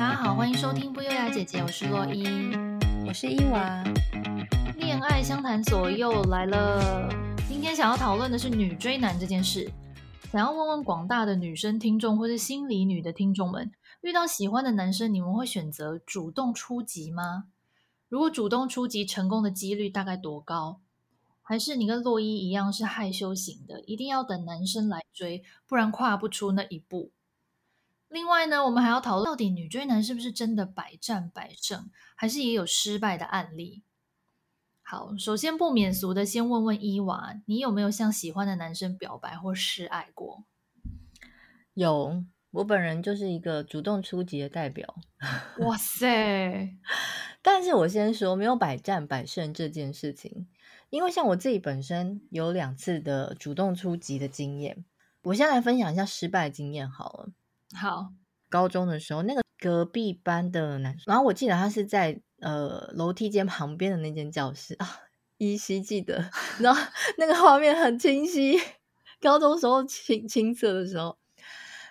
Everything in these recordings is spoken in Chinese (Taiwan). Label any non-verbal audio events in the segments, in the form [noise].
大家好，歡迎收聽不優雅姐姐，我是洛伊，我是伊娃，戀愛相談所又來了。今天想要討論的是女追男這件事，想要問問廣大的女生聽眾或是心理女的聽眾們，遇到喜歡的男生，你們會選擇主動出擊嗎？如果主動出擊成功的幾率大概多高？還是你跟洛伊一樣是害羞型的，一定要等男生來追，不然跨不出那一步？另外呢，我們還要討論到底女追男是不是真的百戰百勝，還是也有失敗的案例？好，首先不免俗的先問問伊娃，你有沒有向喜歡的男生表白或示愛過？有，我本人就是一個主動出擊的代表。 [laughs] 哇塞！但是我先說，沒有百戰百勝這件事情，因為像我自己本身有兩次的主動出擊的經驗，我先來分享一下失敗經驗好了。好，高中的時候，那個隔壁班的男生，然後我記得他是在呃樓梯間旁邊的那間教室啊，依稀記得， [laughs] 然後那個畫面很清晰。高中時候青青澀的時候，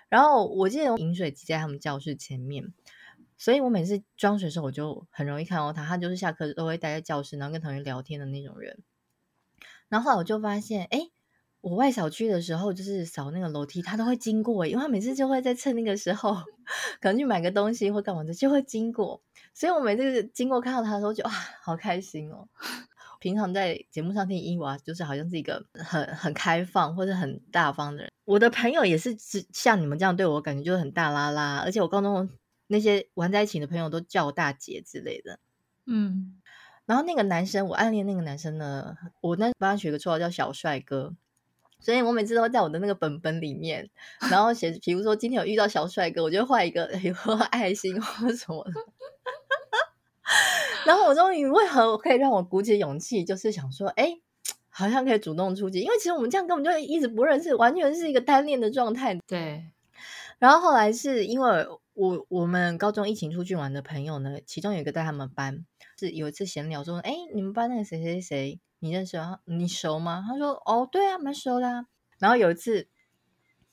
然後我記得我飲水機在他們教室前面，所以我每次裝水的時候，我就很容易看到他。他就是下課都會待在教室，然後跟同學聊天的那種人。然後後來我就發現，哎。我外掃區的時候，就是掃那個樓梯，他都會經過，因為他每次就會在趁那個時候，可能去買個東西或幹嘛的，就會經過。所以我每次經過看到他的時候就，就啊好開心哦，喔。平常在節目上聽伊娃，就是好像是一個很很開放或者很大方的人。我的朋友也是像你們這樣對我，我感覺就是很大啦啦。而且我高中那些玩在一起的朋友都叫我大姐之類的。嗯，然後那個男生，我暗戀那個男生呢，我那時候幫他取個綽號叫小帥哥。所以我每次都在我的那個本本裡面，然後寫，比如說今天有遇到小帥哥，我就畫一個，比、哎、如愛心或者什麼的。 [laughs] [laughs] 然後我終於，為何我可以讓我鼓起勇氣，就是想說，誒、欸、好像可以主動出擊，因為其實我們這樣根本就一直不認識，完全是一個單戀的狀態。對。然後後來是因為。我我們高中疫情出去玩的朋友呢，其中有一個在他們班，是有一次閒聊說，哎，你們班那個誰誰誰，你認識嗎？你熟嗎？他說，哦，對啊，蠻熟的啊。然後有一次，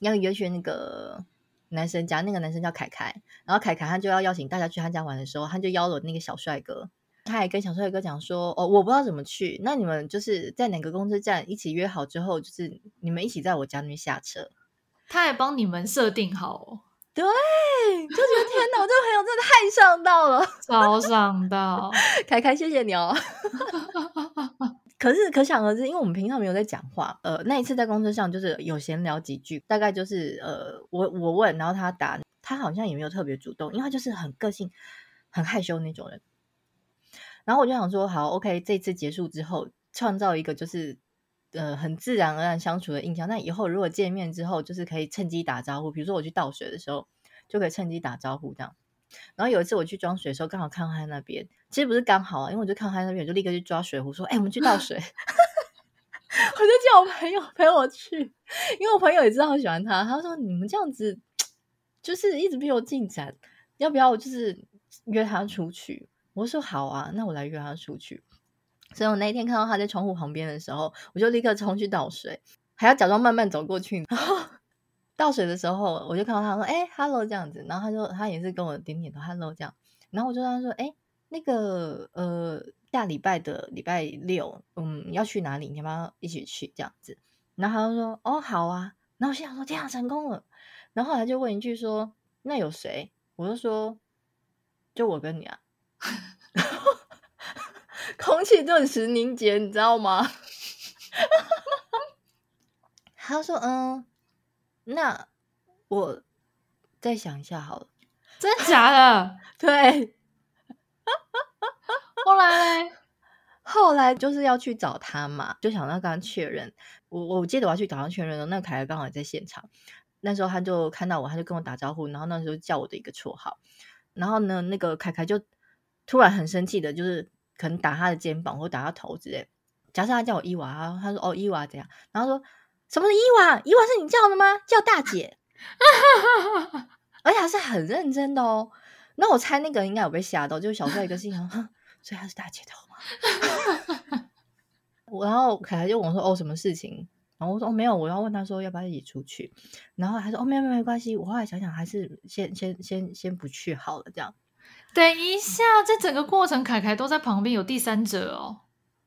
要約去那個男生家，那個男生叫凱凱，然後凱凱他就要邀請大家去他家玩的時候，他就邀了那個小帥哥，他還跟小帥哥講說，哦，我不知道怎麼去，那你們就是在哪個公車站一起約好之後，就是你們一起在我家裡面下車，他還幫你們設定好哦。對，就覺得天哪，我 [laughs] 這個朋友真的太上道了， [laughs] 超上道，凱凱，謝謝你哦。 [laughs] [laughs] 可是可想而知，因為我們平常沒有在講話，呃，那一次在公車上就是有閒聊幾句，大概就是呃，我我問，然後他答，他好像也沒有特別主動，因為他就是很個性、很害羞那種人。然後我就想說，好，OK，這次結束之後，創造一個就是。呃，很自然而然相處的印象。那以後如果見面之後，就是可以趁機打招呼。比如說我去倒水的時候，就可以趁機打招呼這樣。然後有一次我去裝水的時候，剛好看到他那邊，其實不是剛好，啊，因為我就看到他那邊，我就立刻去抓水壺說：“哎、欸，我們去倒水。” [laughs] [laughs] 我就叫我朋友陪我去，因為我朋友也知道我喜歡他。他說：“你們這樣子，就是一直沒有進展，要不要就是約他出去？”我說：“好啊，那我來約他出去。”所以我那一天看到他在窗戶旁邊的時候，我就立刻衝去倒水，還要假裝慢慢走過去。然後倒水的時候，我就看到他說：“哎，哈嘍”，這樣子，然後他就他也是跟我點點頭，“哈嘍”，這樣。然後我就跟他說：“哎、欸，那個呃，下禮拜的禮拜六，嗯，要去哪裡？你要不要一起去？”這樣子，然後他就說：“哦，好啊。”然後我心想說：“這樣成功了。”然後他就問一句說：“那有誰？”我就說：“就我跟你啊。” [laughs] 空氣頓時凝結，你知道嗎？ [laughs] 他說：“嗯，那我再想一下好了。了”真的假的？對。 [laughs] 後來，後來就是要去找他嘛，就想到剛剛確認。我我記得我要去找他確認的，那凱凱剛好也在現場。那時候他就看到我，他就跟我打招呼，然後那時候叫我的一個綽號。然後呢，那個凱凱就突然很生氣的，就是。可能打他的肩膀或打他頭之類，加上他叫我伊娃，他說哦伊娃這樣，然後說什麼是伊娃？伊娃是你叫的嗎？叫大姐， [laughs] 而且他是很認真的哦。那我猜那個人應該有被嚇到，就是小帥哥一個信號， [laughs] 所以他是大姐頭嘛。 [laughs] [laughs] 我然後凱就問我說哦什麼事情，然後我說哦沒有，我要問他說要不要一起出去，然後他說哦沒有沒有沒關係。我後來想想還是先先先先不去好了，這樣。等一下，這整個過程，凱凱都在旁邊，有第三者哦？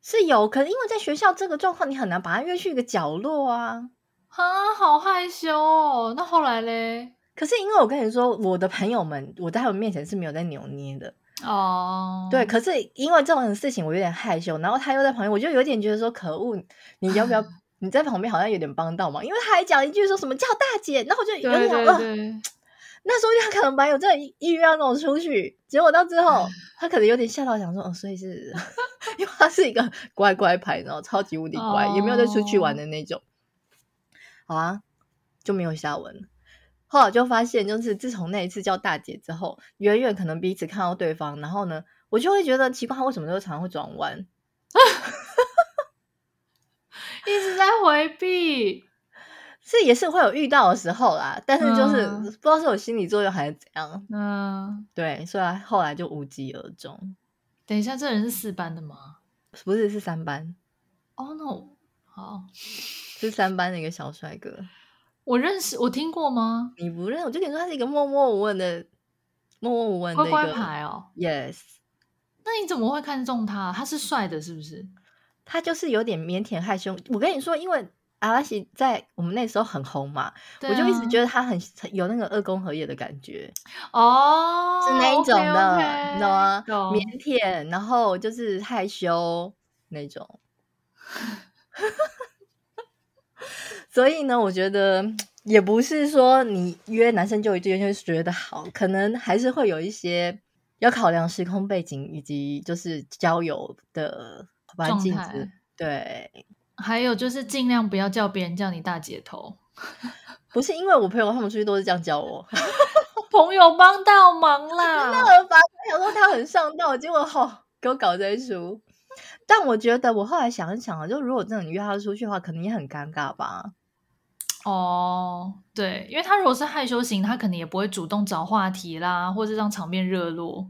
是有，可是因為在學校這個狀況，你很難把他約去一個角落啊，啊，好害羞哦。那後來嘞？可是因為我跟你說，我的朋友們，我在他們面前是沒有在扭捏的哦。Oh. 對，可是因為這種事情，我有點害羞，然後他又在旁邊，我就有點覺得說可惡，你要不要 [laughs] 你在旁邊好像有點幫到嘛？因為他還講一句說什麼叫大姐，然後我就有點可那時候他可能本來有這意願跟我出去，結果到之後他可能有點嚇到，想說、 [laughs] 哦，所以是因為他是一個乖乖牌，然後超級無敵乖，oh. 也沒有再出去玩的那種。好啊，就沒有下文了。後來就發現，就是自從那一次叫大姐之後，遠遠可能彼此看到對方，然後呢，我就會覺得奇怪，他為什麼都常常會轉彎？ [laughs] [laughs] 一直在回避。這也是會有遇到的時候啦，但是就是、嗯、不知道是我心理作用還是怎樣。嗯，對，所以後來就無疾而終。等一下，這人是四班的嗎？不是，是三班。哦、oh, no！好、oh.，是三班的一個小帥哥。我認識，我聽過嗎？你不認，我就跟你說他是一個默默無聞的默默無聞乖乖牌哦、喔。Yes，那你怎麼會看中他？他是帥的，是不是？他就是有點腼腆害羞。我跟你說，因為。阿拉西在我們那時候很紅嘛，啊、我就一直覺得他很有那個二宮和也的感覺哦，oh, 是那一種的，okay, okay. 你知道嗎？Do. 靦腆，然後就是害羞那種。 [laughs] [laughs] 所以呢，我覺得也不是說你約男生就就就覺得好，可能還是會有一些要考量時空背景以及就是交友的環境子對。還有就是，盡量不要叫別人叫你大姐頭，不是因為我朋友他們出去都是這樣叫我， [laughs] 朋友幫忙啦 [laughs] 倒忙啦，真的很煩。想說他很上道，結果好、哦、給我搞這一出。但我覺得，我後來想一想啊，就如果真的你約他出去的話，可能也很尷尬吧。哦，對，因為他如果是害羞型，他可能也不會主動找話題啦，或是讓場面熱絡。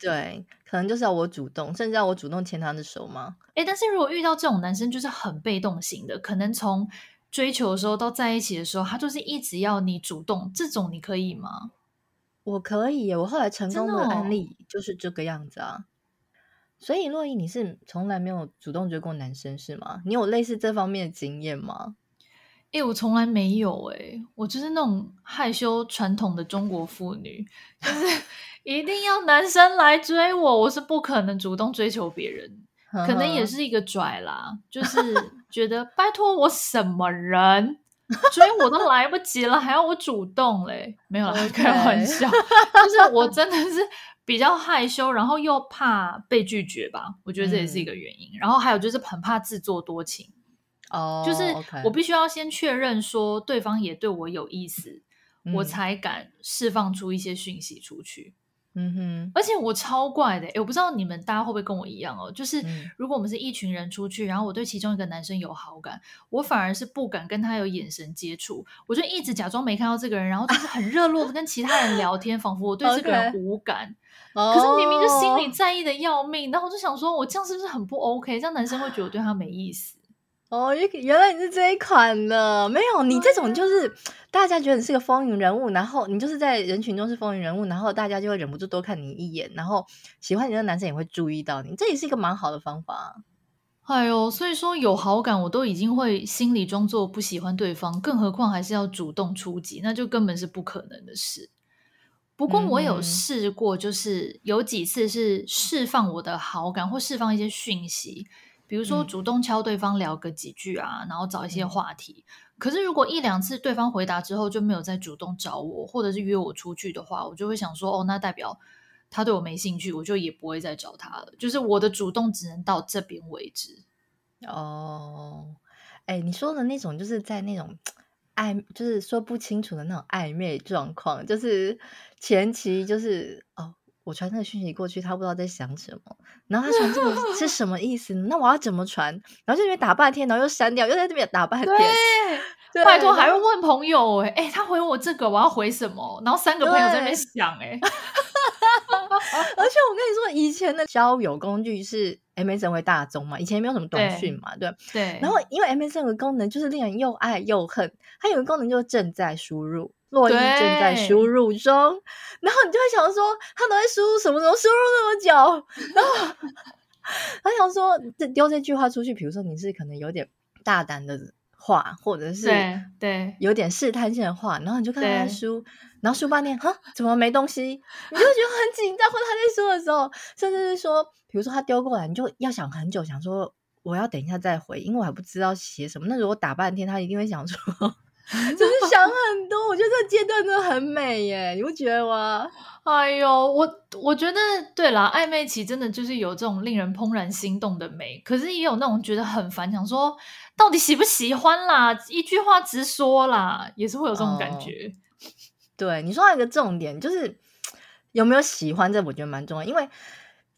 對。可能就是要我主動，甚至要我主動牽他的手嗎？哎、欸，但是如果遇到這種男生，就是很被動型的，可能從追求的時候到在一起的時候，他就是一直要你主動，這種你可以嗎？我可以，我後來成功的案例就是這個樣子啊。哦、所以洛伊，你是從來沒有主動追過男生是嗎？你有類似這方面的經驗嗎？哎、欸，我從來沒有哎、欸，我就是那種害羞傳統的中國婦女，就是一定要男生來追我，我是不可能主動追求別人，呵呵可能也是一個拽啦，就是覺得 [laughs] 拜託我什麼人追我都來不及了， [laughs] 還要我主動嘞？沒有啦，Okay. 開玩笑，就是我真的是比較害羞，然後又怕被拒絕吧，我覺得這也是一個原因。嗯、然後還有就是很怕自作多情。哦，oh, okay. 就是我必須要先確認說對方也對我有意思，嗯、我才敢釋放出一些訊息出去。嗯哼，而且我超怪的、欸，我不知道你們大家會不會跟我一樣哦。就是如果我們是一群人出去，然後我對其中一個男生有好感，我反而是不敢跟他有眼神接觸，我就一直假裝沒看到這個人，然後就是很熱絡的跟其他人聊天， [laughs] 仿佛我對這個人無感。Okay . Oh. 可是明明就心裡在意的要命，然後我就想說，我這樣是不是很不 OK？這樣男生會覺得我對他沒意思。哦，原來你是這一款的，沒有你這種就是、哎、呀大家覺得你是個風雲人物，然後你就是在人群中是風雲人物，然後大家就會忍不住多看你一眼，然後喜歡你的男生也會注意到你，這也是一個蠻好的方法。哎呦，所以說有好感我都已經會心裡裝作不喜歡對方，更何況還是要主動出擊，那就根本是不可能的事。不過我有試過，就是有幾次是釋放我的好感或釋放一些訊息。比如說主動敲對方聊個幾句啊，嗯，然後找一些話題。嗯，可是如果一兩次對方回答之後就沒有再主動找我，或者是約我出去的話，我就會想說，哦，那代表他對我沒興趣，我就也不會再找他了。就是我的主動只能到這邊為止。哦，誒，你說的那種就是在那種曖，就是說不清楚的那種曖昧狀況，就是前期就是哦。我傳那個訊息過去，他不知道在想什麼。然後他傳這個是什麼意思呢？對那我要怎麼傳？然後就那邊打半天，然後又刪掉，又在那邊打半天。對對拜託，還會問朋友哎、欸，他、欸、回我這個，我要回什麼？然後三個朋友在那邊想哎。而且我跟你說，以前的交友工具是 MSN 為大宗嘛，以前沒有什麼東西嘛，對對。對然後因為 MSN 的功能就是令人又愛又恨，它有一個功能就是正在輸入。洛伊正在輸入中，對然後你就會想說他都在輸入什麼時候輸入那麼久，然後 [laughs] 他想說，這丟這句話出去，比如說你是可能有點大膽的話，或者是對有點試探性的話，對然後你就看他輸，對然後輸半天，哈，怎麼沒東西？你就覺得很緊張， [laughs] 或者他在輸的時候，甚至是說，比如說他丟過來，你就要想很久，想說我要等一下再回，因為我還不知道寫什麼。那如果打半天，他一定會想說。 [laughs] 只、嗯、是想很多， [laughs] 我覺得這個階段真的很美耶，你不覺得嗎？哎呦，我我覺得對啦。曖昧期真的就是有這種令人怦然心動的美，可是也有那種覺得很煩，想說到底喜不喜歡啦，一句話直說啦，也是會有這種感覺。哦、對，你說還有個重點，就是有沒有喜歡這，我覺得蠻重要，因為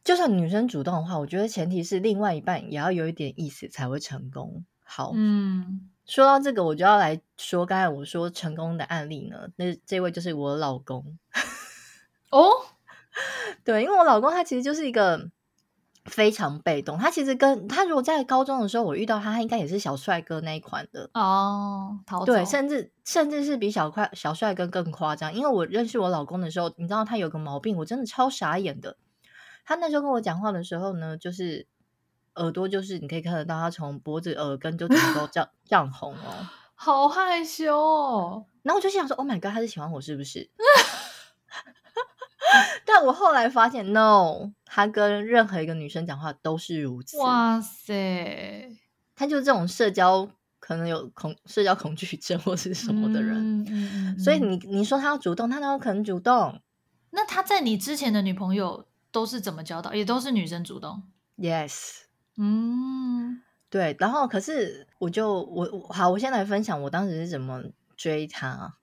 就算女生主動的話，我覺得前提是另外一半也要有一點意思才會成功。好，嗯。說到這個，我就要來說剛才我說成功的案例呢。那這，這位就是我老公 [laughs] 哦， [laughs] 對，因為我老公他其實就是一個非常被動。他其實跟他如果在高中的時候我遇到他，他應該也是小帥哥那一款的哦。對，甚至甚至是比小快小帥哥更誇張。因為我認識我老公的時候，你知道他有個毛病，我真的超傻眼的。他那時候跟我講話的時候呢，就是。耳朵就是你可以看得到，他從脖子耳根就全都漲漲紅哦，好害羞哦。然後我就想說，Oh my god，他是喜歡我是不是？ [laughs] [laughs] 但我後來發現 [laughs] ，No，他跟任何一個女生講話都是如此。哇塞，他就是這種社交可能有恐社交恐懼症或是什麼的人。嗯嗯、所以你你說他要主動，他都要肯主動。那他在你之前的女朋友都是怎麼交到？也都是女生主動？Yes。嗯，對，然後可是我就我好，我先來分享我當時是怎麼追他，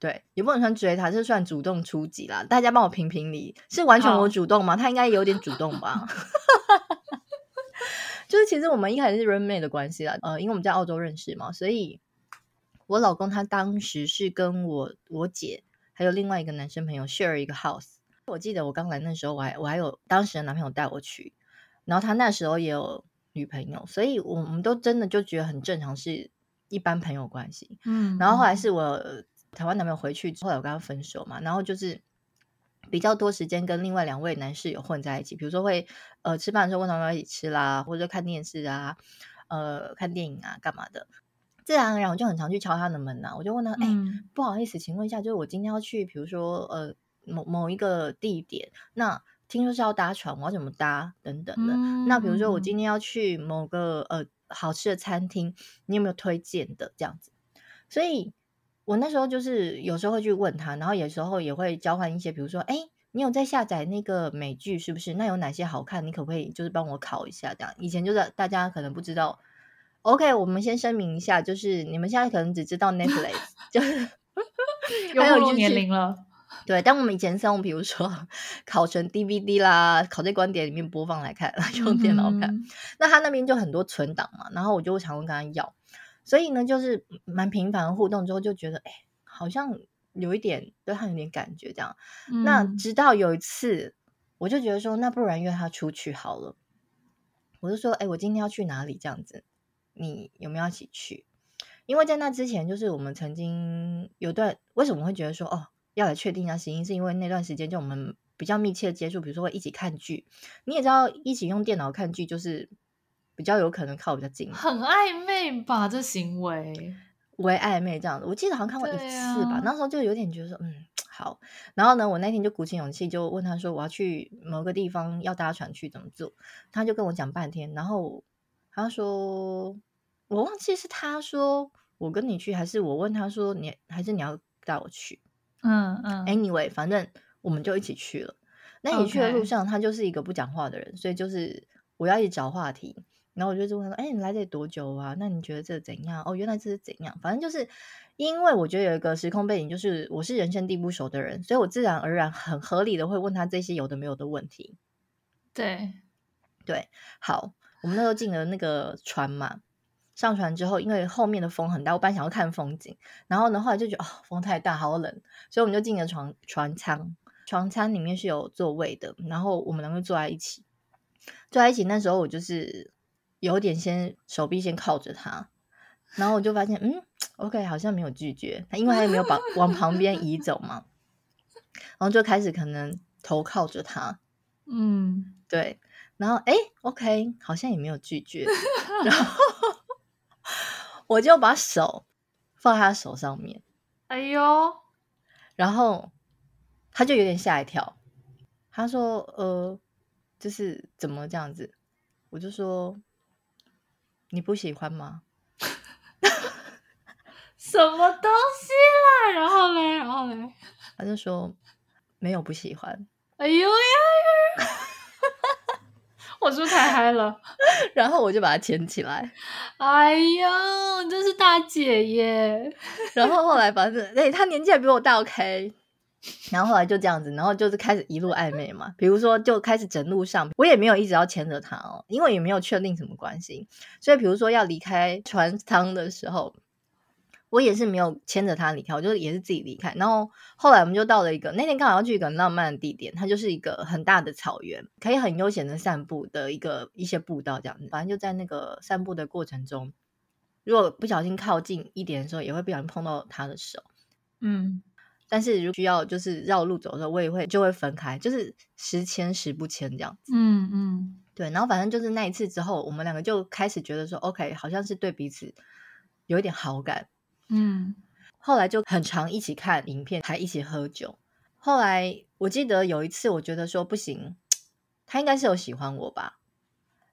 對，也不能算追他，這算主動出擊啦。大家幫我評評理，是完全我主動嗎？好他應該也有點主動吧。 [laughs] [laughs] 就是其實我們一開始是 roommate 的關係啦，呃，因為我們在澳洲認識嘛，所以我老公他當時是跟我我姐還有另外一個男生朋友 share 一個 house。我記得我剛來那時候，我還我還有當時的男朋友帶我去。然後他那時候也有女朋友，所以我們都真的就覺得很正常，是一般朋友關係。嗯，然後後來是我台灣男朋友回去之後，我跟他分手嘛，然後就是比較多時間跟另外兩位男士有混在一起，比如說會呃吃飯的時候跟他們一起吃啦，或者看電視啊，呃看電影啊，幹嘛的。自然而然我就很常去敲他的門吶，啊，我就問他，哎，嗯欸，不好意思，請問一下，就是我今天要去，比如說呃某某一個地點，那。聽說是要搭船，我要怎麼搭？等等的。嗯、那比如說，我今天要去某個呃好吃的餐廳，你有沒有推薦的這樣子？所以我那時候就是有時候會去問他，然後有時候也會交換一些，比如說，哎、欸，你有在下載那個美劇是不是？那有哪些好看？你可不可以就是幫我考一下這樣？以前就是大家可能不知道。OK，我們先聲明一下，就是你們現在可能只知道 Netflix， [laughs] 就是，哈哈哈還有一年齡了。對，但我們以前像比如說拷成 DVD 啦，拷在光碟裡面播放來看，用電腦看。嗯、那他那邊就很多存檔嘛，然後我就常常跟他要。所以呢，就是蠻頻繁互動之後，就覺得誒好像有一點對他有點感覺這樣。嗯、那直到有一次，我就覺得說，那不然約他出去好了。我就說，誒我今天要去哪裡？這樣子，你有沒有一起去？因為在那之前，就是我們曾經有段為什麼會覺得說，哦。要來確定一下原因，是因為那段時間就我們比較密切的接觸，比如說會一起看劇。你也知道，一起用電腦看劇就是比較有可能靠比較近，很曖昧吧？這行為，我也曖昧這樣子。我記得好像看過一次吧，那時候就有點覺得說，嗯，好。然後呢，我那天就鼓起勇氣就問他說，我要去某個地方要搭船去怎麼做？他就跟我講半天。然後他說，我忘記是他說我跟你去，還是我問他說你還是你要帶我去。嗯嗯 [noise] ，Anyway，反正我們就一起去了。那你去的路上，Okay. 他就是一個不講話的人，所以就是我要一直找話題。然後我就問他說：“哎、欸，你來這裡多久啊？那你覺得這怎樣？哦，原來這是怎樣？反正就是，因為我覺得有一個時空背景，就是我是人生地不熟的人，所以我自然而然很合理的會問他這些有的沒有的問題。對，對，好，我們那時候進了那個船嘛。上船之後，因為後面的風很大，我本來想要看風景，然後呢，後來就覺得、哦、風太大，好冷，所以我們就進了船船艙。船艙裡面是有座位的，然後我們兩個坐在一起。坐在一起，那時候我就是有點先手臂先靠着他，然後我就發現，嗯，OK，好像沒有拒絕，因為他也沒有把往旁邊移走嘛。然後就開始可能頭靠着他，嗯，對，然後哎、欸、，OK，好像也沒有拒絕，然後。 [laughs] 我就把手放在他手上面，哎呦，然後他就有點嚇一跳，他說：“呃，就是怎麼這樣子？”我就說：“你不喜歡嗎？”什麼東西啦？然後嘞，然後嘞，他就說：“沒有不喜歡。”哎喲哎呦呀呀！哎我說太嗨了， [laughs] 然後我就把他牽起來。哎呦，真是大姐耶！ [laughs] 然後後來反正，哎、欸，他年紀還比我大，OK。然後後來就這樣子，然後就是開始一路曖昧嘛。 [laughs] 比如說，就開始整路上，我也沒有一直要牽着他哦，因為也沒有確定什麼關係。所以，比如說要離開船艙的時候。我也是沒有牽着他離開，我就也是自己離開。然後後來我們就到了一個那天剛好要去一個浪漫的地點，它就是一個很大的草原，可以很悠閒的散步的一個一些步道這樣子。反正就在那個散步的過程中，如果不小心靠近一點的時候，也會不小心碰到他的手。嗯，但是如果需要就是繞路走的時候，我也會就會分開，就是時牽時不牽這樣子。嗯嗯，嗯對。然後反正就是那一次之後，我們兩個就開始覺得說，OK，好像是對彼此有一點好感。嗯，後來就很常一起看影片，還一起喝酒。後來我記得有一次，我覺得說不行，他應該是有喜歡我吧，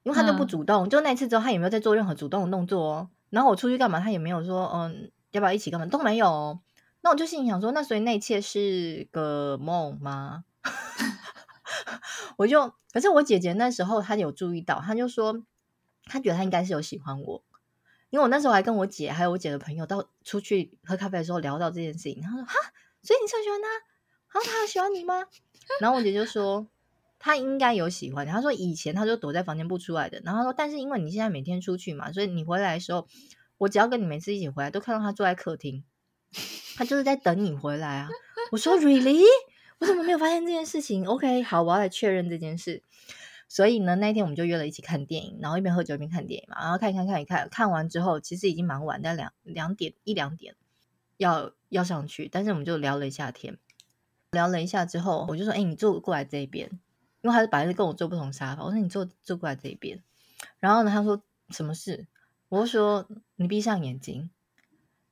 因為他就不主動。嗯、就那一次之後，他也沒有再做任何主動的動作。哦，然後我出去幹嘛，他也沒有說嗯，要不要一起幹嘛都沒有。那我就心想說，那所以那一切是個夢嗎？ [laughs] 我就，可是我姐姐那時候她有注意到，她就說，她覺得她應該是有喜歡我。因為我那時候還跟我姐，還有我姐的朋友到出去喝咖啡的時候聊到這件事情，她說：“哈，所以你超喜歡他？”“哈，他喜歡你嗎？”然後我姐就說：“他應該有喜歡。”她說：“以前他就躲在房間不出來的。”然後他說：“但是因為你現在每天出去嘛，所以你回來的時候，我只要跟你每次一起回來，都看到他坐在客廳，他就是在等你回來啊。”我說 [laughs] ：“Really？我怎麼沒有發現這件事情？”OK，好，我要來確認這件事。所以呢，那天我們就約了一起看電影，然後一邊喝酒一邊看電影嘛。然後看一看，看一看，看完之後，其實已經蠻晚的，兩兩點一兩點要，要要上去。但是我們就聊了一下天，聊了一下之後，我就說：“哎、欸，你坐過來這邊。”因為他是本來跟我坐不同沙發，我說：“你坐坐過來這邊。”然後呢，他說：“什麼事？”我說：“你閉上眼睛。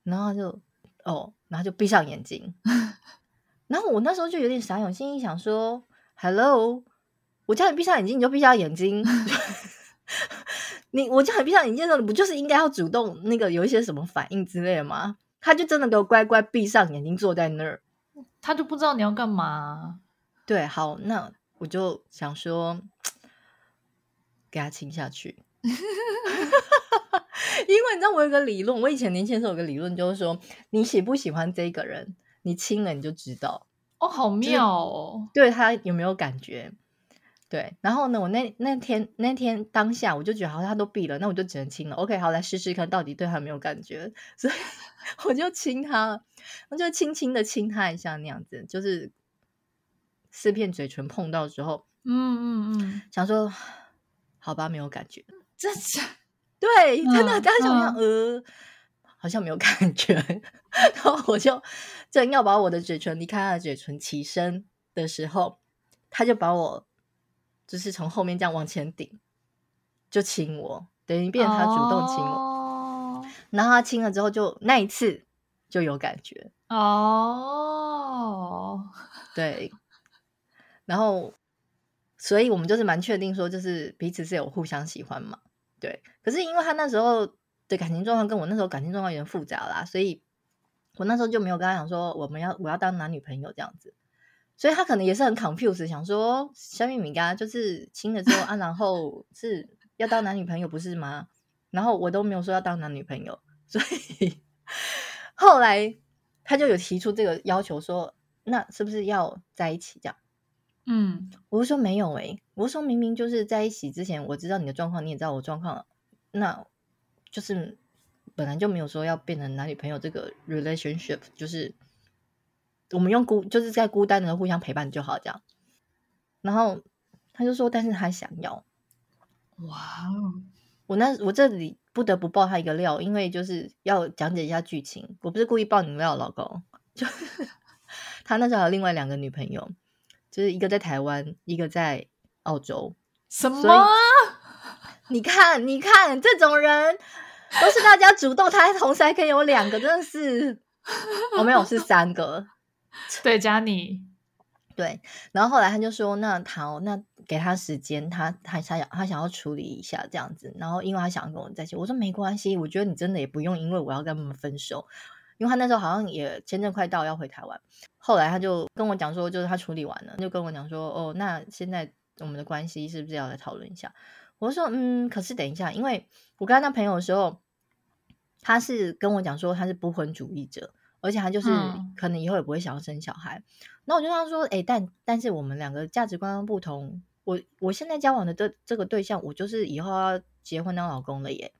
然哦”然後他就哦，然後就閉上眼睛。 [laughs] 然後我那時候就有點傻眼，心想說：“Hello。”我叫你閉上眼睛， [laughs] 你就閉上眼睛。你我叫你閉上眼睛的時候，你不就是應該要主動那個有一些什麼反應之類的嗎？他就真的給我乖乖閉上眼睛坐在那兒，他就不知道你要幹嘛。對，好，那我就想說給他親下去， [laughs] [laughs] 因為你知道我有個理論，我以前年輕時候有個理論就是說，你喜不喜歡這個人，你親了你就知道。哦，好妙哦，對他有沒有感覺？對，然後呢？我那那天那天當下，我就覺得好像他都閉了，那我就只能親了。OK，好，來試試看，到底對他有沒有感覺？所以我就親他，我就輕輕的親他一下，那樣子，就是四片嘴唇碰到之後、嗯，嗯嗯嗯，想說好吧，沒有感覺，這是對，真的。嗯、剛才想，想，嗯、呃，好像沒有感覺。 [laughs] 然後我就正要把我的嘴唇離開他的嘴唇起身的時候，他就把我。就是從後面這樣往前頂，就親我，等於變成他主動親我。Oh. 然後他親了之後就，就那一次就有感覺哦。Oh. 對，然後，所以我們就是蠻確定說，就是彼此是有互相喜歡嘛。對，可是因為他那時候的感情狀況跟我那時候感情狀況有點複雜啦，所以我那時候就沒有跟他講說，我們要我要當男女朋友這樣子。所以他可能也是很 confused 想說小米，敏啊，就是親了之後啊，然後是要當男女朋友 [laughs] 不是嗎？然後我都沒有說要當男女朋友，所以後來他就有提出這個要求說，那是不是要在一起這樣？嗯，我就說沒有誒、欸、我說明明就是在一起之前，我知道你的狀況，你也知道我狀況，那就是本來就沒有說要變成男女朋友這個 relationship，就是。.我們用孤就是在孤單的時候互相陪伴就好，這樣。然後他就說，但是他想要。哇哦！我那我這裡不得不爆他一個料，因為就是要講解一下劇情。我不是故意爆你們料，老公。就是，他那時候還有另外兩個女朋友，就是一個在台灣，一個在澳洲。什麼？你看，你看，這種人都是大家主動，他同時還可以有兩個，真的是？我沒有，是三個。對，加你。對，然後後來他就說：“那他，那給他時間，他他他想他想要處理一下這樣子。然後，因為他想要跟我在一起，我說沒關係，我覺得你真的也不用，因為我要跟他們分手。因為他那時候好像也簽證快到，要回台灣。後來他就跟我講說，就是他處理完了，就跟我講說：哦，那現在我們的關係是不是要來討論一下？我說：嗯，可是等一下，因為我跟他那朋友的時候，他是跟我講說他是不婚主義者。”而且他就是可能以後也不會想要生小孩，那、嗯、我就跟他說，誒、欸，但但是我們兩個價值觀不同，我我現在交往的這這個對象，我就是以後要結婚當老公了耶。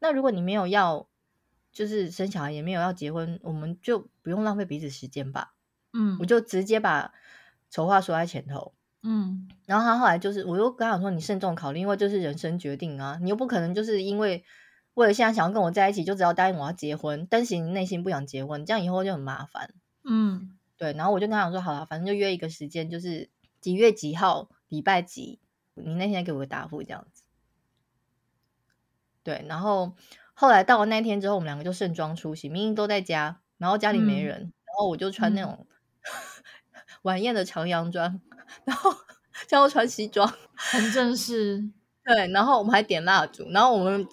那如果你沒有要，就是生小孩，也沒有要結婚，我們就不用浪費彼此時間吧。嗯，我就直接把醜話說在前頭。嗯，然後他後來就是我又剛想說，你慎重考慮，因為這是人生決定啊，你又不可能就是因為。我也現在想要跟我在一起，就只要答應我要結婚，但是你內心不想結婚，這樣以後就很麻煩。嗯，對。然後我就跟他講說：“好了，反正就約一個時間，就是幾月幾號，禮拜幾，你那天給我個答覆。”這樣子。對。然後後來到了那天之後，我們兩個就盛裝出席，明明都在家，然後家裡沒人，嗯、然後我就穿那種 [laughs] 晚宴的長洋裝，然後叫我穿西裝，很正式。對。然後我們還點蠟燭，然後我們。 [laughs]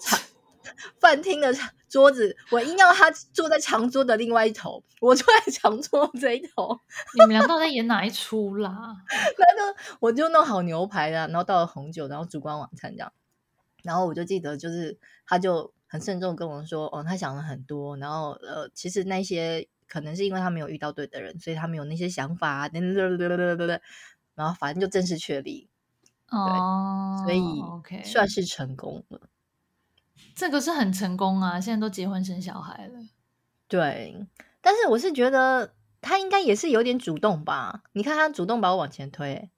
飯廳的桌子，我硬要他坐在長桌的另外一頭，我坐在長桌這一頭。 [laughs] 你們倆到底演哪一出啦？那 [laughs] 我就弄好牛排啊，然後倒了紅酒，然後燭光晚餐這樣。然後我就記得，就是他就很慎重跟我說，哦，他想了很多，然後呃，其實那些可能是因為他沒有遇到對的人，所以他沒有那些想法啊。哦、然後反正就正式確立，對，哦、所以 okay. 算是成功了。這個是很成功啊！現在都結婚生小孩了，對。但是我是覺得他應該也是有點主動吧？你看他主動把我往前推。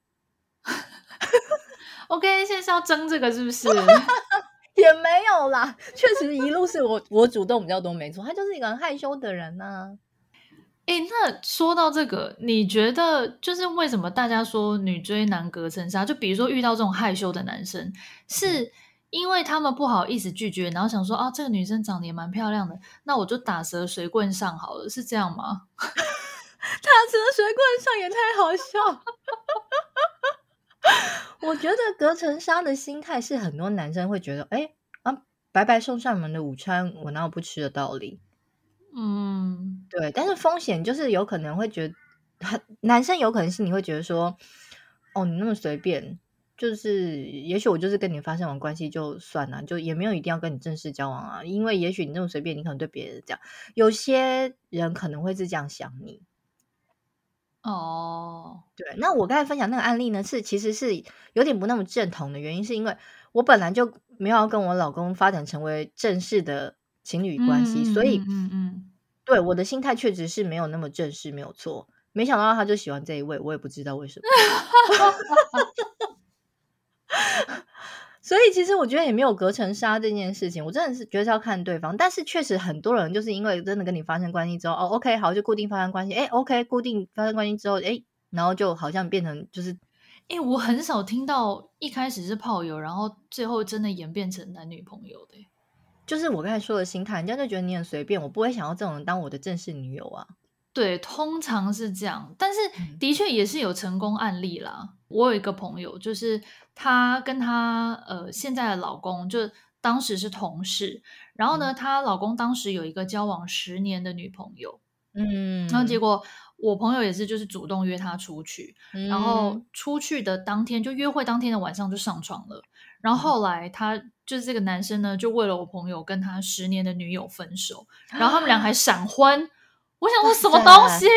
[laughs] OK，現在是要爭這個是不是？ [laughs] 也沒有啦，確實一路是我我主動比較多， [laughs] 沒錯。他就是一個很害羞的人吶、啊、誒、欸、那說到這個，你覺得就是為什麼大家說女追男隔層紗？就比如說遇到這種害羞的男生是、嗯？因為他們不好意思拒絕，然後想說啊、哦，這個女生長得也蠻漂亮的，那我就打蛇隨棍上好了，是這樣嗎？ [laughs] 打蛇隨棍上也太好笑了。 [laughs] [laughs] 我覺得隔層紗的心態是很多男生會覺得，哎啊，白白送上門的午餐，我哪有不吃的道理？嗯，對。但是風險就是有可能會覺得，男生有可能是你會覺得說，哦，你那麼隨便。就是，也許我就是跟你發生完關係就算了，就也沒有一定要跟你正式交往啊。因為也許你那麼隨便，你可能對別人講，有些人可能會是這樣想你。哦，對，那我剛才分享那個案例呢，是其實是有點不那麼正統的原因，是因為我本來就沒有要跟我老公發展成為正式的情侶關係，所以，對，我的心態確實是沒有那麼正式，沒有錯。沒想到他就喜歡這一位，我也不知道為什麼。 [laughs] [laughs] [laughs] 所以，其實我覺得也沒有隔層紗這件事情，我真的是覺得是要看對方。但是，確實很多人就是因為真的跟你發生關係之後，哦，OK，好，就固定發生關係，哎，OK，固定發生關係之後，哎，然後就好像變成就是，哎，我很少聽到一開始是炮友，然後最後真的演變成男女朋友的，就是我剛才說的心態，人家就覺得你很隨便，我不會想要這種人當我的正式女友啊。對，通常是這樣，但是的確也是有成功案例啦。嗯我有一個朋友，就是她跟她呃現在的老公，就當時是同事。然後呢，她老公當時有一個交往十年的女朋友。嗯，然後結果我朋友也是，就是主動約他出去，嗯、然後出去的當天就約會當天的晚上就上床了。然後後來他就是這個男生呢，就為了我朋友跟他十年的女友分手，然後他們倆還閃婚。啊、我想說什麼東西？啊、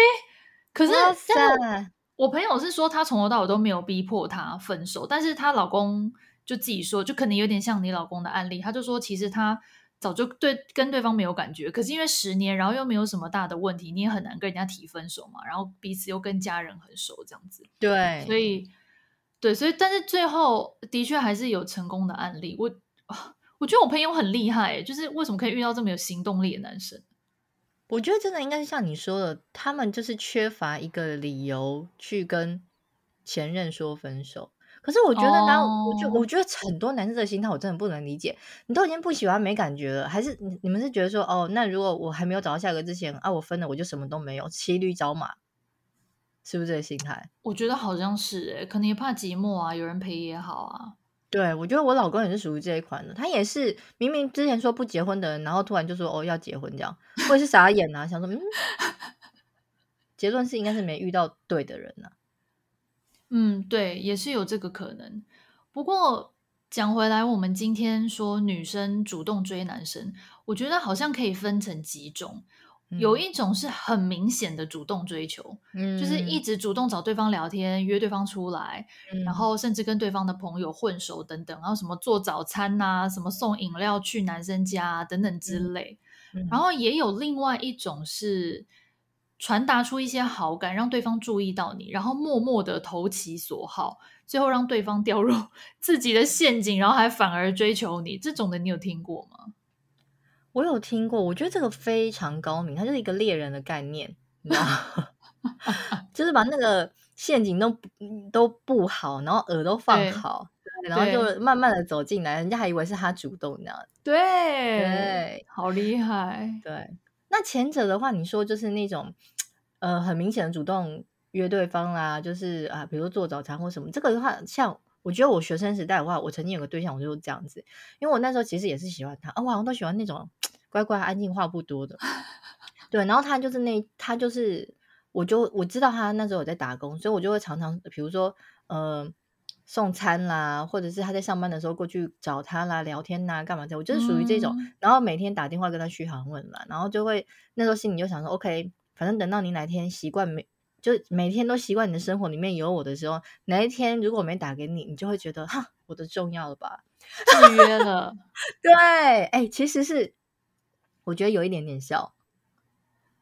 可是、啊、真的。我朋友是說，她從頭到尾都沒有逼迫他分手，但是她老公就自己說，就可能有點像你老公的案例。他就說，其實他早就對跟對方沒有感覺，可是因為十年，然後又沒有什麼大的問題，你也很難跟人家提分手嘛。然後彼此又跟家人很熟，這樣子對。對，所以對，所以但是最後的確還是有成功的案例。我我覺得我朋友很厲害，欸，就是為什麼可以遇到這麼有行動力的男生？我覺得真的應該是像你說的，他們就是缺乏，一個理由去跟前任說分手。可是我覺得男，我就、oh. 我覺得很多男生的心態，我真的不能理解。你都已經不喜歡、沒感覺了，還是你你們是覺得說，哦，那如果我還沒有找到下一個之前啊，我分了我就什麼都沒有，騎驢找馬，是不是這個心態？我覺得好像是誒，可能也怕寂寞啊，有人陪也好啊。對，我覺得我老公也是屬於這一款的，他也是明明之前說不結婚的人，然後突然就說哦，要結婚這樣，我也是傻眼啊， [laughs] 想說嗯，結論是應該是沒遇到對的人啊。嗯，對，也是有這個可能。不過講回來，我們今天說女生主動追男生，我覺得好像可以分成幾種。嗯、有一種是很明顯的主動追求，嗯、就是一直主動找對方聊天、約對方出來，嗯、然後甚至跟對方的朋友混熟等等，然後什麼做早餐吶、啊，什麼送飲料去男生家、啊、等等之類。嗯嗯、然後也有另外一種是傳達出一些好感，讓對方注意到你，然後默默的投其所好，最後讓對方掉入自己的陷阱，然後還反而追求你。這種的你有聽過嗎？我有聽過，我覺得這個非常高明，它就是一個獵人的概念，你知道， [laughs] 就是把那個陷阱都都佈好，然後餌都放好對，然後就慢慢的走進來，對人家還以為是他主動那樣，對，對好厲害，對。那前者的話，你說就是那種，呃，很明顯的主動約對方啦，就是啊，比如做早餐或什麼，這個的話，像。我覺得我學生時代的話，我曾經有個對象，我就是這樣子，因為我那時候其實也是喜歡他啊，我好像都喜歡那種乖乖、安靜、話不多的，對。然後他就是那他就是，我就我知道他那時候有在打工，所以我就會常常比如說嗯、呃、送餐啦，或者是他在上班的時候過去找他啦、聊天啦，幹嘛的，我就是屬於這種。嗯、然後每天打電話跟他噓寒問暖，然後就會那時候心裡就想說，OK，反正等到你哪天習慣沒。就每天都習慣你的生活裡面有我的時候，哪一天如果沒打給你，你就會覺得哈，我的重要了吧？制約了， [laughs] 對，誒、欸、其實是我覺得有一點點笑，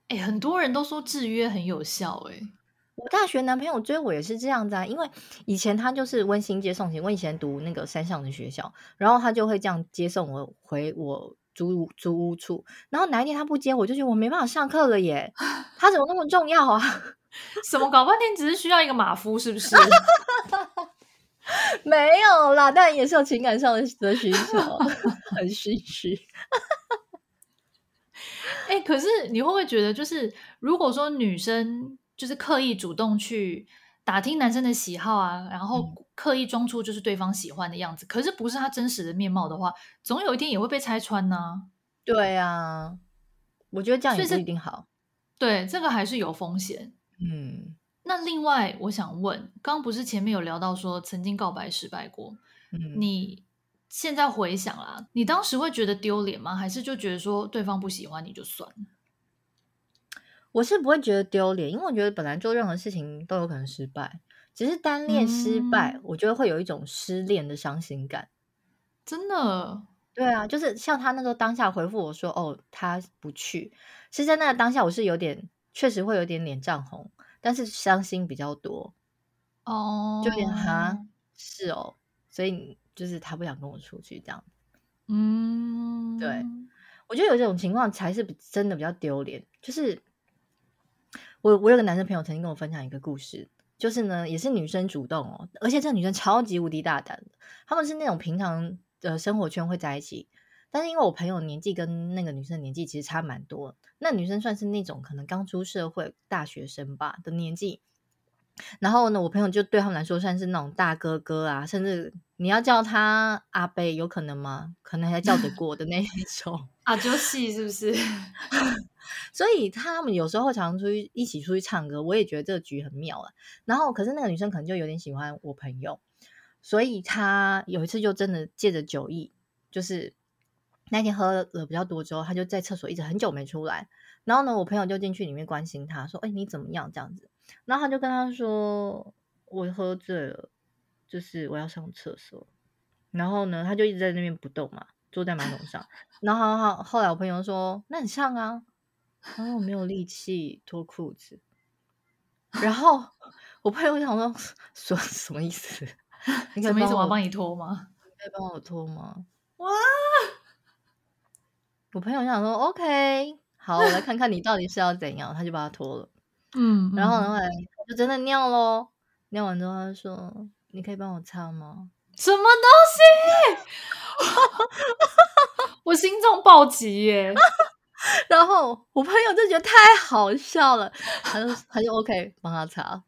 誒、欸、很多人都說制約很有效、欸，誒我大學男朋友追我也是這樣子啊，因為以前他就是溫馨接送型，我以前讀那個山上的學校，然後他就會這樣接送我回我。租租屋處，然後哪一天他不接，我就覺得我沒辦法上課了耶。他怎麼那麼重要啊？什麼搞半天只是需要一個馬夫，是不是？ [laughs] 沒有啦，但也是有情感上的需求， [laughs] 很虛極虛。哎、 [laughs] 欸，可是你會不會覺得，就是如果說女生就是刻意主動去？打聽男生的喜好啊，然後刻意裝出就是對方喜歡的樣子，嗯、可是不是他真實的面貌的話，總有一天也會被拆穿呢、啊、對啊，我覺得這樣也不一定好。對，這個還是有風險。嗯，那另外我想問，剛剛不是前面有聊到說曾經告白失敗過，嗯、你現在回想啦，你當時會覺得丟臉嗎？還是就覺得說對方不喜歡你就算了？我是不會覺得丟臉，因為我覺得本來做任何事情都有可能失敗，只是單戀失敗，嗯、我覺得會有一種失戀的傷心感。真的，對啊，就是像他那時候當下回復我說：“哦，他不去。”，是在那個當下，我是有點確實會有點臉漲紅，但是傷心比較多哦。Oh. 就有點哈是哦，所以就是他不想跟我出去這樣。嗯，對，我覺得有這種情況才是真的比較丟臉，就是。我我有個男生朋友曾經跟我分享一個故事，就是呢，也是女生主動哦，而且這個女生超級無敵大膽，她們是那種平常的生活圈會在一起，但是因為我朋友年紀跟那個女生年紀其實差蠻多，那女生算是那種可能剛出社會大學生吧的年紀。然後呢，我朋友就對他們來說算是那種大哥哥啊，甚至你要叫他阿伯，有可能嗎？可能還叫得過的那一種。 [laughs] 啊，就是，是不是？ [laughs] 所以他們有時候常常出去一起出去唱歌，我也覺得這個局很妙了，啊。然後，可是那個女生可能就有點喜歡我朋友，所以他有一次就真的借着酒意，就是那天喝了比較多之後，他就在廁所一直很久沒出來。然後呢，我朋友就進去裡面關心他說：“哎、欸，你怎麼樣？這樣子。”然後他就跟他說：“我喝醉了，就是我要上廁所。”然後呢，他就一直在那邊不動嘛，坐在馬桶上。然後好，後來我朋友說：“那你上啊？”“然後我沒有力氣脫褲子。”然後我朋友想說：“說什麼意思？你什麼意思，我幫你脫嗎？你可以幫我脫嗎？”哇！我朋友想說：“OK，好，我來看看你到底是要怎樣。”他就把他脫了。嗯，然後然後、嗯、就真的尿咯，尿完之後，他說：“你可以幫我擦嗎？”什麼東西？ [laughs] 我心中暴擊耶！ [laughs] 然後我朋友就覺得太好笑了，他就他就 OK，幫他擦。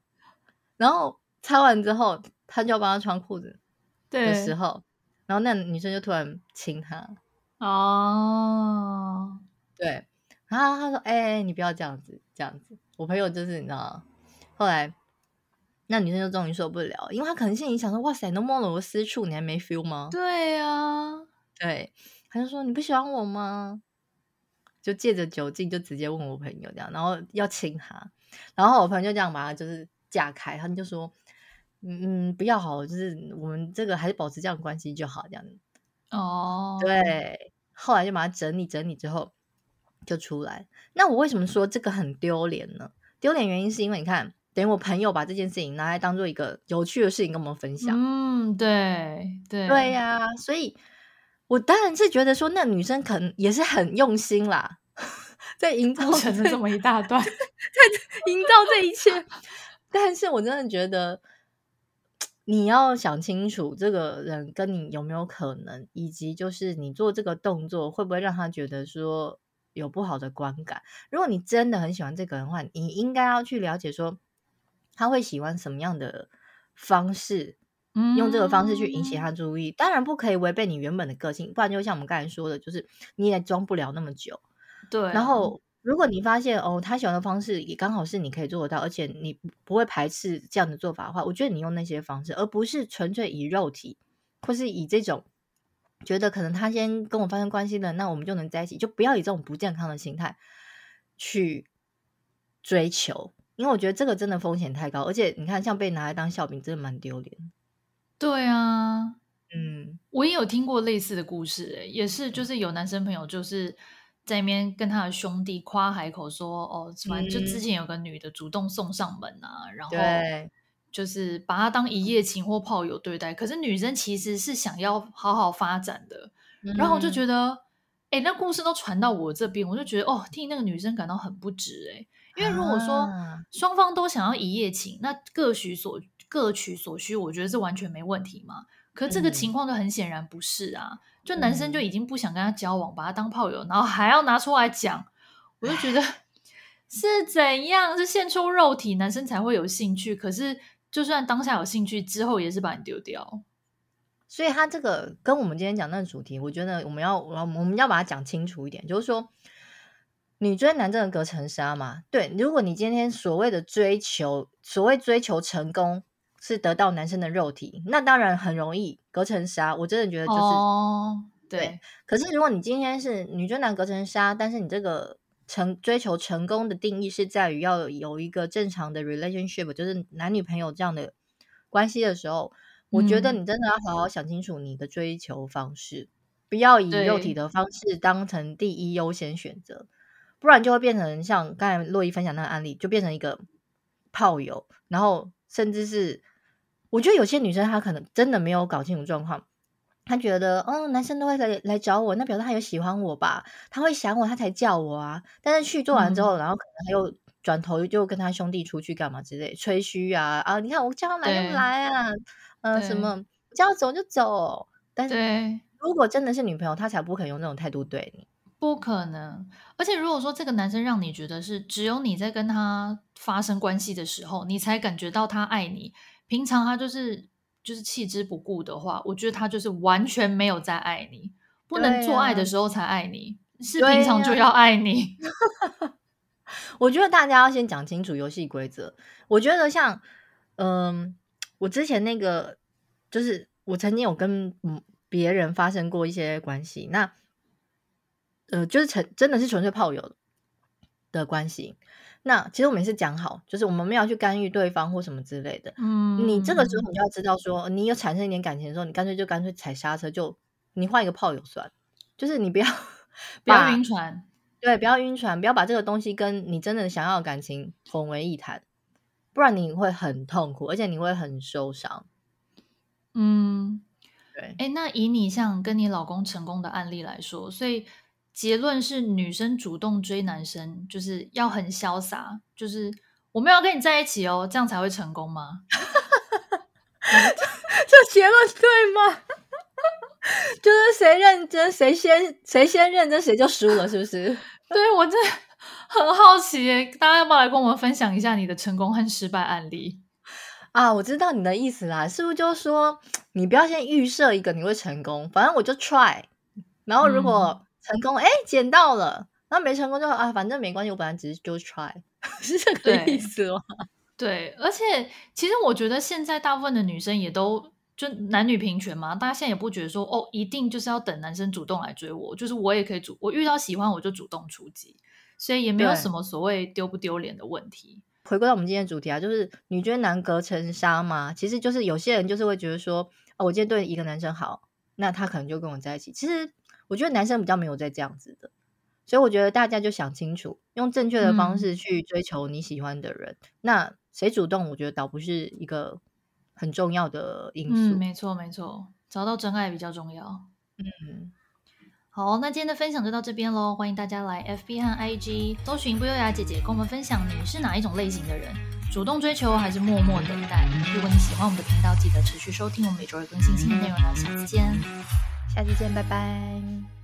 然後擦完之後，他就要幫他穿褲子的時候，對然後那女生就突然親他哦，對，然後他說：“哎、欸，你不要這樣子，這樣子。”我朋友就是你知道後來那女生就終於受不了了，因為她可能心裡想說：“哇塞那麼多我私處，你還沒 feel 嗎？”對呀、啊，對，她就說：“你不喜歡我嗎？”就借着酒勁就直接問我朋友這樣，然後要親他，然後我朋友就這樣把她就是架開，他就說：“嗯，不要好，就是我們這個還是保持這樣關係就好這樣哦，oh. 對，後來就把它整理整理之後。就出來。那我為什麼說這個很丟臉呢？丟臉原因是因為你看，等於我朋友把這件事情拿來當做一個有趣的事情跟我們分享。嗯，對對對呀、啊，所以我當然是覺得說，那女生可能也是很用心啦，在營造成了這麼一大段， [laughs] 在營造這一切。 [laughs] 但是我真的覺得，你要想清楚，這個人跟你有沒有可能，以及就是你做這個動作會不會讓他覺得說。有不好的觀感。如果你真的很喜歡這個人的話，你應該要去了解說他會喜歡什麼樣的方式，嗯，用這個方式去引起他注意。當然不可以違背你原本的個性，不然就像我們剛才說的，就是你也裝不了那麼久。對。然後，如果你發現哦，他喜歡的方式也剛好是你可以做得到，而且你不會排斥這樣的做法的話，我覺得你用那些方式，而不是純粹以肉體或是以這種。覺得可能他先跟我發生關係了，那我們就能在一起，就不要以這種不健康的心態去追求，因為我覺得這個真的風險太高，而且你看，像被拿來當笑柄，真的蠻丟臉。對啊，嗯，我也有聽過類似的故事，也是就是有男生朋友就是在那邊跟他的兄弟誇海口說，哦，反正就之前有個女的主動送上門啊，嗯、然後。就是把他當一夜情或炮友對待，嗯、可是女生其實是想要好好發展的。嗯、然後我就覺得，哎、欸，那故事都傳到我這邊，我就覺得哦，替那個女生感到很不值誒、欸。因為如果說、啊、雙方都想要一夜情，那各取所各取所需，我覺得這完全沒問題嘛。可這個情況就很顯然不是啊，嗯、就男生就已經不想跟他交往，把他當炮友，然後還要拿出來講，我就覺得唉是怎樣，是獻出肉體，男生才會有興趣。可是。就算當下有興趣，之後也是把你丟掉。所以他這個跟我們今天講那個主題，我覺得我們要我我們要把它講清楚一點，就是說女追男真的隔層紗嘛？對，如果你今天所謂的追求，所謂追求成功是得到男生的肉體，那當然很容易隔層紗。我真的覺得就是，oh, 對。對，可是如果你今天是女追男隔層紗，但是你這個。成追求成功的定義是在於要有一個正常的 relationship，就是男女朋友這樣的關係的時候，嗯，我覺得你真的要好好想清楚你的追求方式，不要以肉體的方式當成第一優先選擇，對不然就會變成像剛才洛伊分享那個案例，就變成一個炮友，然後甚至是我覺得有些女生她可能真的沒有搞清楚狀況。他覺得，嗯、哦，男生都會來來找我，那表示他有喜歡我吧？他會想我，他才叫我啊。但是去做完之後，嗯、然後可能他又轉頭就跟他兄弟出去幹嘛之類，吹噓啊啊！你看我叫他來就來啊，嗯，什麼叫他走就走。但是如果真的是女朋友，他才不可能用那種態度對你。不可能。而且如果說這個男生讓你覺得是只有你在跟他發生關係的時候，你才感覺到他愛你，平常他就是。就是棄之不顧的話，我覺得他就是完全沒有在愛你，不能做愛的時候才愛你，啊、是平常就要愛你。對啊、 [laughs] 我覺得大家要先講清楚遊戲規則。我覺得像，嗯、呃，我之前那個，就是我曾經有跟別人發生過一些關係，那，呃，就是真的是純粹炮友的關係。那其實我們也是講好，就是我們沒有去干預對方或什麼之類的。嗯，你這個時候你就要知道說，說你有產生一點感情的時候，你乾脆就乾脆踩剎車就，就你換一個炮友算，就是你不要不要暈船，對，不要暈船，不要把這個東西跟你真的想要的感情混為一談，不然你會很痛苦，而且你會很受傷。嗯，對。哎，那以你像跟你老公成功的案例來說，所以。結論是女生主動追男生，就是要很瀟灑，就是我們要跟你在一起哦，這樣才會成功嗎？這 [laughs] [laughs] 結論對嗎？ [laughs] 就是誰認真誰先誰先認真誰就輸了，是不是？ [laughs] 對，我真的很好奇，大家要不要來跟我們分享一下你的成功和失敗案例啊？我知道你的意思啦，是不是就是說你不要先預設一個你會成功，反正我就 try，然後如果。嗯成功哎，撿、欸、到了。那沒成功就啊，反正沒關係。我本來只是就是 try， [laughs] 是這個意思嗎？對，對，而且其實我覺得現在大部分的女生也都就男女平權嘛，大家現在也不覺得說哦，一定就是要等男生主動來追我，就是我也可以主，我遇到喜歡我就主動出擊，所以也沒有什麼所謂丟不丟臉的問題。對回歸到我們今天的主題啊，就是女追男隔層紗嘛，其實就是有些人就是會覺得說，哦，我今天對一個男生好，那他可能就跟我在一起。其實。我覺得男生比較沒有在這樣子的，所以我覺得大家就想清楚，用正確的方式去追求你喜歡的人。嗯、那誰主動，我覺得倒不是一個很重要的因素。嗯、沒錯沒錯，找到真愛比較重要。嗯，嗯，好，那今天的分享就到這邊嘍。歡迎大家來 FB 和 IG 搜尋不優雅姐姐，跟我們分享你是哪一種類型的人，主動追求還是默默等待？如果你喜歡我們的頻道，記得持續收聽，我們每周二更新新的內容呢。下次見。下期見，拜拜。